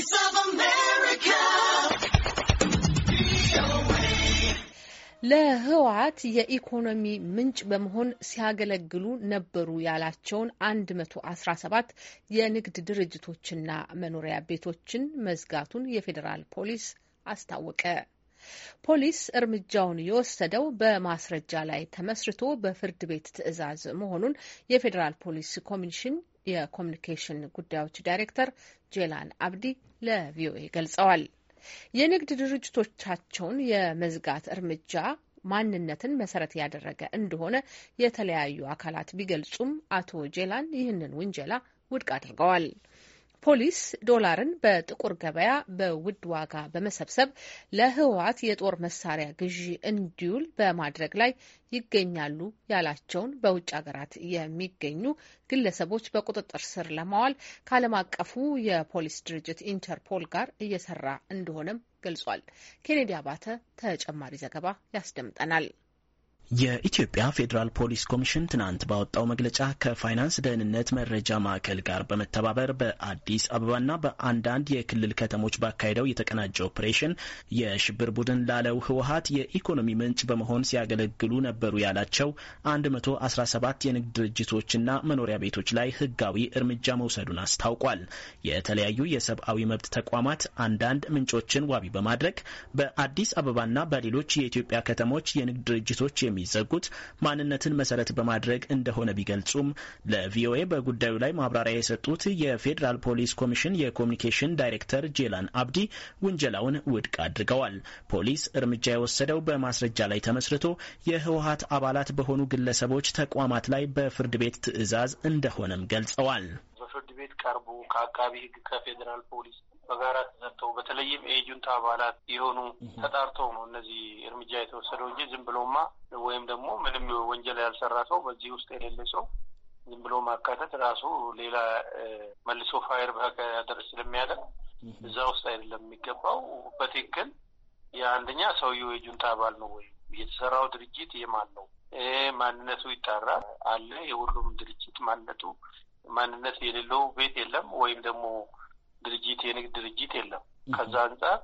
Voice of America. ለህወሓት የኢኮኖሚ ምንጭ በመሆን ሲያገለግሉ ነበሩ ያላቸውን 117 የንግድ ድርጅቶችና መኖሪያ ቤቶችን መዝጋቱን የፌዴራል ፖሊስ አስታወቀ። ፖሊስ እርምጃውን የወሰደው በማስረጃ ላይ ተመስርቶ በፍርድ ቤት ትዕዛዝ መሆኑን የፌዴራል ፖሊስ ኮሚሽን የኮሚኒኬሽን ጉዳዮች ዳይሬክተር ጄላን አብዲ ለቪኦኤ ገልጸዋል። የንግድ ድርጅቶቻቸውን የመዝጋት እርምጃ ማንነትን መሰረት ያደረገ እንደሆነ የተለያዩ አካላት ቢገልጹም አቶ ጄላን ይህንን ውንጀላ ውድቅ አድርገዋል። ፖሊስ ዶላርን በጥቁር ገበያ በውድ ዋጋ በመሰብሰብ ለህወሓት የጦር መሳሪያ ግዢ እንዲውል በማድረግ ላይ ይገኛሉ ያላቸውን በውጭ ሀገራት የሚገኙ ግለሰቦች በቁጥጥር ስር ለማዋል ከዓለም አቀፉ የፖሊስ ድርጅት ኢንተርፖል ጋር እየሰራ እንደሆነም ገልጿል። ኬኔዲ አባተ ተጨማሪ ዘገባ ያስደምጠናል። የኢትዮጵያ ፌዴራል ፖሊስ ኮሚሽን ትናንት ባወጣው መግለጫ ከፋይናንስ ደህንነት መረጃ ማዕከል ጋር በመተባበር በአዲስ አበባና በአንዳንድ የክልል ከተሞች ባካሄደው የተቀናጀ ኦፕሬሽን የሽብር ቡድን ላለው ህወሀት የኢኮኖሚ ምንጭ በመሆን ሲያገለግሉ ነበሩ ያላቸው 117 የንግድ ድርጅቶችና መኖሪያ ቤቶች ላይ ህጋዊ እርምጃ መውሰዱን አስታውቋል። የተለያዩ የሰብአዊ መብት ተቋማት አንዳንድ ምንጮችን ዋቢ በማድረግ በአዲስ አበባና በሌሎች የኢትዮጵያ ከተሞች የንግድ ድርጅቶች የሚ የሚዘጉት ማንነትን መሰረት በማድረግ እንደሆነ ቢገልጹም ለቪኦኤ በጉዳዩ ላይ ማብራሪያ የሰጡት የፌዴራል ፖሊስ ኮሚሽን የኮሚኒኬሽን ዳይሬክተር ጄላን አብዲ ውንጀላውን ውድቅ አድርገዋል። ፖሊስ እርምጃ የወሰደው በማስረጃ ላይ ተመስርቶ የህወሀት አባላት በሆኑ ግለሰቦች፣ ተቋማት ላይ በፍርድ ቤት ትዕዛዝ እንደሆነም ገልጸዋል። በፍርድ ቤት ቀርቦ ከአቃቢ ህግ ከፌዴራል ፖሊስ በጋራ ተሰጥተው በተለይም የጁንታ አባላት የሆኑ ተጣርተው ነው እነዚህ እርምጃ የተወሰደው እንጂ ዝም ብሎማ ወይም ደግሞ ምንም ወንጀል ያልሰራ ሰው በዚህ ውስጥ የሌለ ሰው ዝም ብሎ ማካተት ራሱ ሌላ መልሶ ፋይር ያደረስ ስለሚያደርግ እዛ ውስጥ አይደለም የሚገባው። በትክክል የአንደኛ ሰውየው የጁንታ አባል ነው ወይ የተሰራው ድርጅት የማን ነው? ማንነቱ ይጣራል አለ የሁሉም ድርጅት ማንነቱ ማንነት የሌለው ቤት የለም ወይም ደግሞ ድርጅት የንግድ ድርጅት የለም። ከዛ አንጻር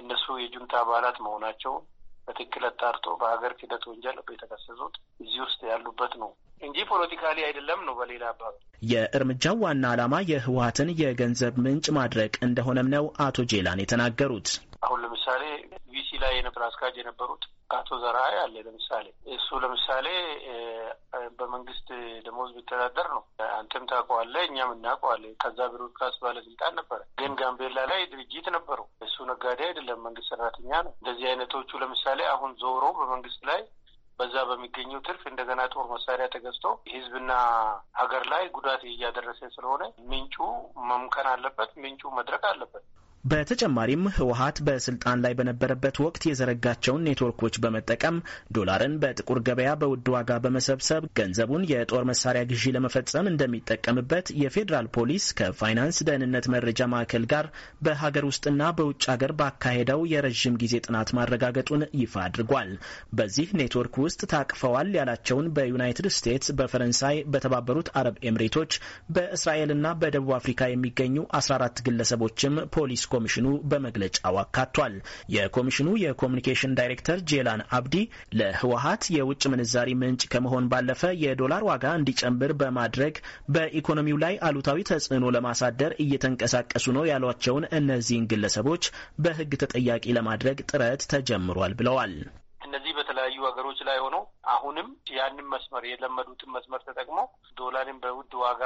እነሱ የጁንታ አባላት መሆናቸውን በትክክል አጣርቶ በሀገር ክህደት ወንጀል የተከሰሱት እዚህ ውስጥ ያሉበት ነው እንጂ ፖለቲካሊ አይደለም ነው። በሌላ አባባል የእርምጃው ዋና ዓላማ የህወሀትን የገንዘብ ምንጭ ማድረግ እንደሆነም ነው አቶ ጄላን የተናገሩት። አሁን ለምሳሌ ቪሲ ላይ የነበረ አስካጅ የነበሩት አቶ ዘርአይ አለ። ለምሳሌ እሱ ለምሳሌ በመንግስት ደሞዝ ቢተዳደር ነው። አንተም ታውቀዋለህ፣ እኛም እናውቀዋለን። ከዛ ብሮድካስት ባለስልጣን ነበረ፣ ግን ጋምቤላ ላይ ድርጅት ነበረው። እሱ ነጋዴ አይደለም፣ መንግስት ሰራተኛ ነው። እንደዚህ አይነቶቹ ለምሳሌ አሁን ዞሮ በመንግስት ላይ በዛ በሚገኘው ትርፍ እንደገና ጦር መሳሪያ ተገዝቶ ህዝብና ሀገር ላይ ጉዳት እያደረሰ ስለሆነ ምንጩ መምከን አለበት። ምንጩ መድረቅ አለበት። በተጨማሪም ህወሀት በስልጣን ላይ በነበረበት ወቅት የዘረጋቸውን ኔትወርኮች በመጠቀም ዶላርን በጥቁር ገበያ በውድ ዋጋ በመሰብሰብ ገንዘቡን የጦር መሳሪያ ግዢ ለመፈጸም እንደሚጠቀምበት የፌዴራል ፖሊስ ከፋይናንስ ደህንነት መረጃ ማዕከል ጋር በሀገር ውስጥና በውጭ ሀገር ባካሄደው የረዥም ጊዜ ጥናት ማረጋገጡን ይፋ አድርጓል። በዚህ ኔትወርክ ውስጥ ታቅፈዋል ያላቸውን በዩናይትድ ስቴትስ፣ በፈረንሳይ፣ በተባበሩት አረብ ኤምሬቶች፣ በእስራኤልና በደቡብ አፍሪካ የሚገኙ 14 ግለሰቦችም ፖሊስ ኮሚሽኑ በመግለጫው አካቷል። የኮሚሽኑ የኮሚኒኬሽን ዳይሬክተር ጄላን አብዲ ለህወሀት የውጭ ምንዛሪ ምንጭ ከመሆን ባለፈ የዶላር ዋጋ እንዲጨምር በማድረግ በኢኮኖሚው ላይ አሉታዊ ተጽዕኖ ለማሳደር እየተንቀሳቀሱ ነው ያሏቸውን እነዚህን ግለሰቦች በህግ ተጠያቂ ለማድረግ ጥረት ተጀምሯል ብለዋል። እነዚህ በተለያዩ ሀገሮች ላይ ሆነው አሁንም ያንን መስመር የለመዱትን መስመር ተጠቅመው ዶላርን በውድ ዋጋ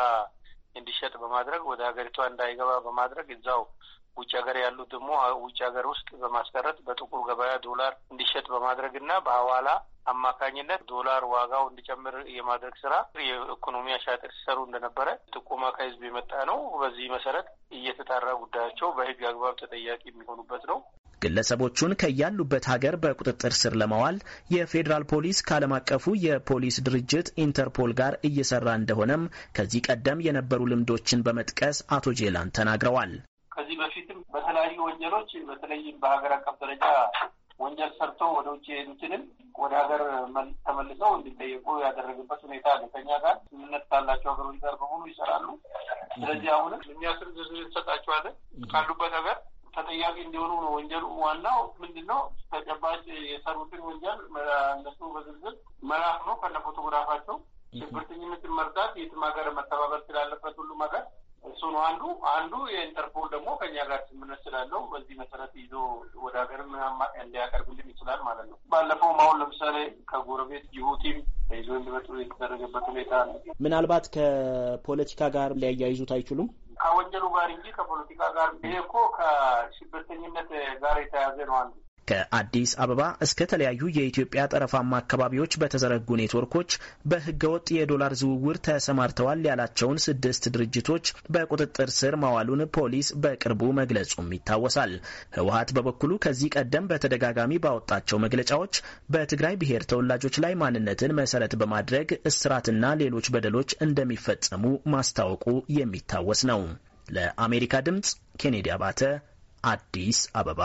እንዲሸጥ በማድረግ ወደ ሀገሪቷ እንዳይገባ በማድረግ እዛው ውጭ ሀገር ያሉት ደግሞ ውጭ ሀገር ውስጥ በማስቀረት በጥቁር ገበያ ዶላር እንዲሸጥ በማድረግ እና በሐዋላ አማካኝነት ዶላር ዋጋው እንዲጨምር የማድረግ ስራ የኢኮኖሚ አሻጥር ሲሰሩ እንደነበረ ጥቆማ ከህዝብ የመጣ ነው። በዚህ መሰረት እየተጣራ ጉዳያቸው በህግ አግባብ ተጠያቂ የሚሆኑበት ነው። ግለሰቦቹን ከያሉበት ሀገር በቁጥጥር ስር ለማዋል የፌዴራል ፖሊስ ከዓለም አቀፉ የፖሊስ ድርጅት ኢንተርፖል ጋር እየሰራ እንደሆነም ከዚህ ቀደም የነበሩ ልምዶችን በመጥቀስ አቶ ጄላን ተናግረዋል። ከዚህ በፊትም በተለያዩ ወንጀሎች በተለይም በሀገር አቀፍ ደረጃ ወንጀል ሰርተው ወደ ውጭ የሄዱትንም ወደ ሀገር ተመልሰው እንዲጠየቁ ያደረገበት ሁኔታ አለ። ከኛ ጋር ስምምነት ካላቸው ሀገሮች ጋር በሙሉ ይሰራሉ። ስለዚህ አሁንም እኛ ስም ዝርዝር እንሰጣቸዋለን ካሉበት ሀገር ተጠያቂ እንዲሆኑ ነው። ወንጀሉ ዋናው ምንድን ነው? ተጨባጭ የሰሩትን ወንጀል እነሱ በዝርዝር መላክ ነው ከነ ፎቶግራፋቸው። ሽብርተኝነትን መርዳት የትም ሀገር መተባበር ስላለበት ሁሉም ሀገር ነው አንዱ አንዱ የኢንተርፖል ደግሞ ከኛ ጋር ስምምነት ስላለው በዚህ መሰረት ይዞ ወደ ሀገርም ሊያቀርብልን ይችላል ማለት ነው። ባለፈውም አሁን ለምሳሌ ከጎረቤት ጅቡቲም ይዞ እንዲመጡ የተደረገበት ሁኔታ አለ። ምናልባት ከፖለቲካ ጋር ሊያያይዙት አይችሉም ከወንጀሉ ጋር እንጂ ከፖለቲካ ጋር ይሄ እኮ ከሽብርተኝነት ጋር የተያዘ ነው አንዱ ከአዲስ አበባ እስከ ተለያዩ የኢትዮጵያ ጠረፋማ አካባቢዎች በተዘረጉ ኔትወርኮች በህገወጥ የዶላር ዝውውር ተሰማርተዋል ያላቸውን ስድስት ድርጅቶች በቁጥጥር ስር ማዋሉን ፖሊስ በቅርቡ መግለጹም ይታወሳል። ህወሀት በበኩሉ ከዚህ ቀደም በተደጋጋሚ ባወጣቸው መግለጫዎች በትግራይ ብሔር ተወላጆች ላይ ማንነትን መሰረት በማድረግ እስራትና ሌሎች በደሎች እንደሚፈጸሙ ማስታወቁ የሚታወስ ነው። ለአሜሪካ ድምጽ ኬኔዲ አባተ አዲስ አበባ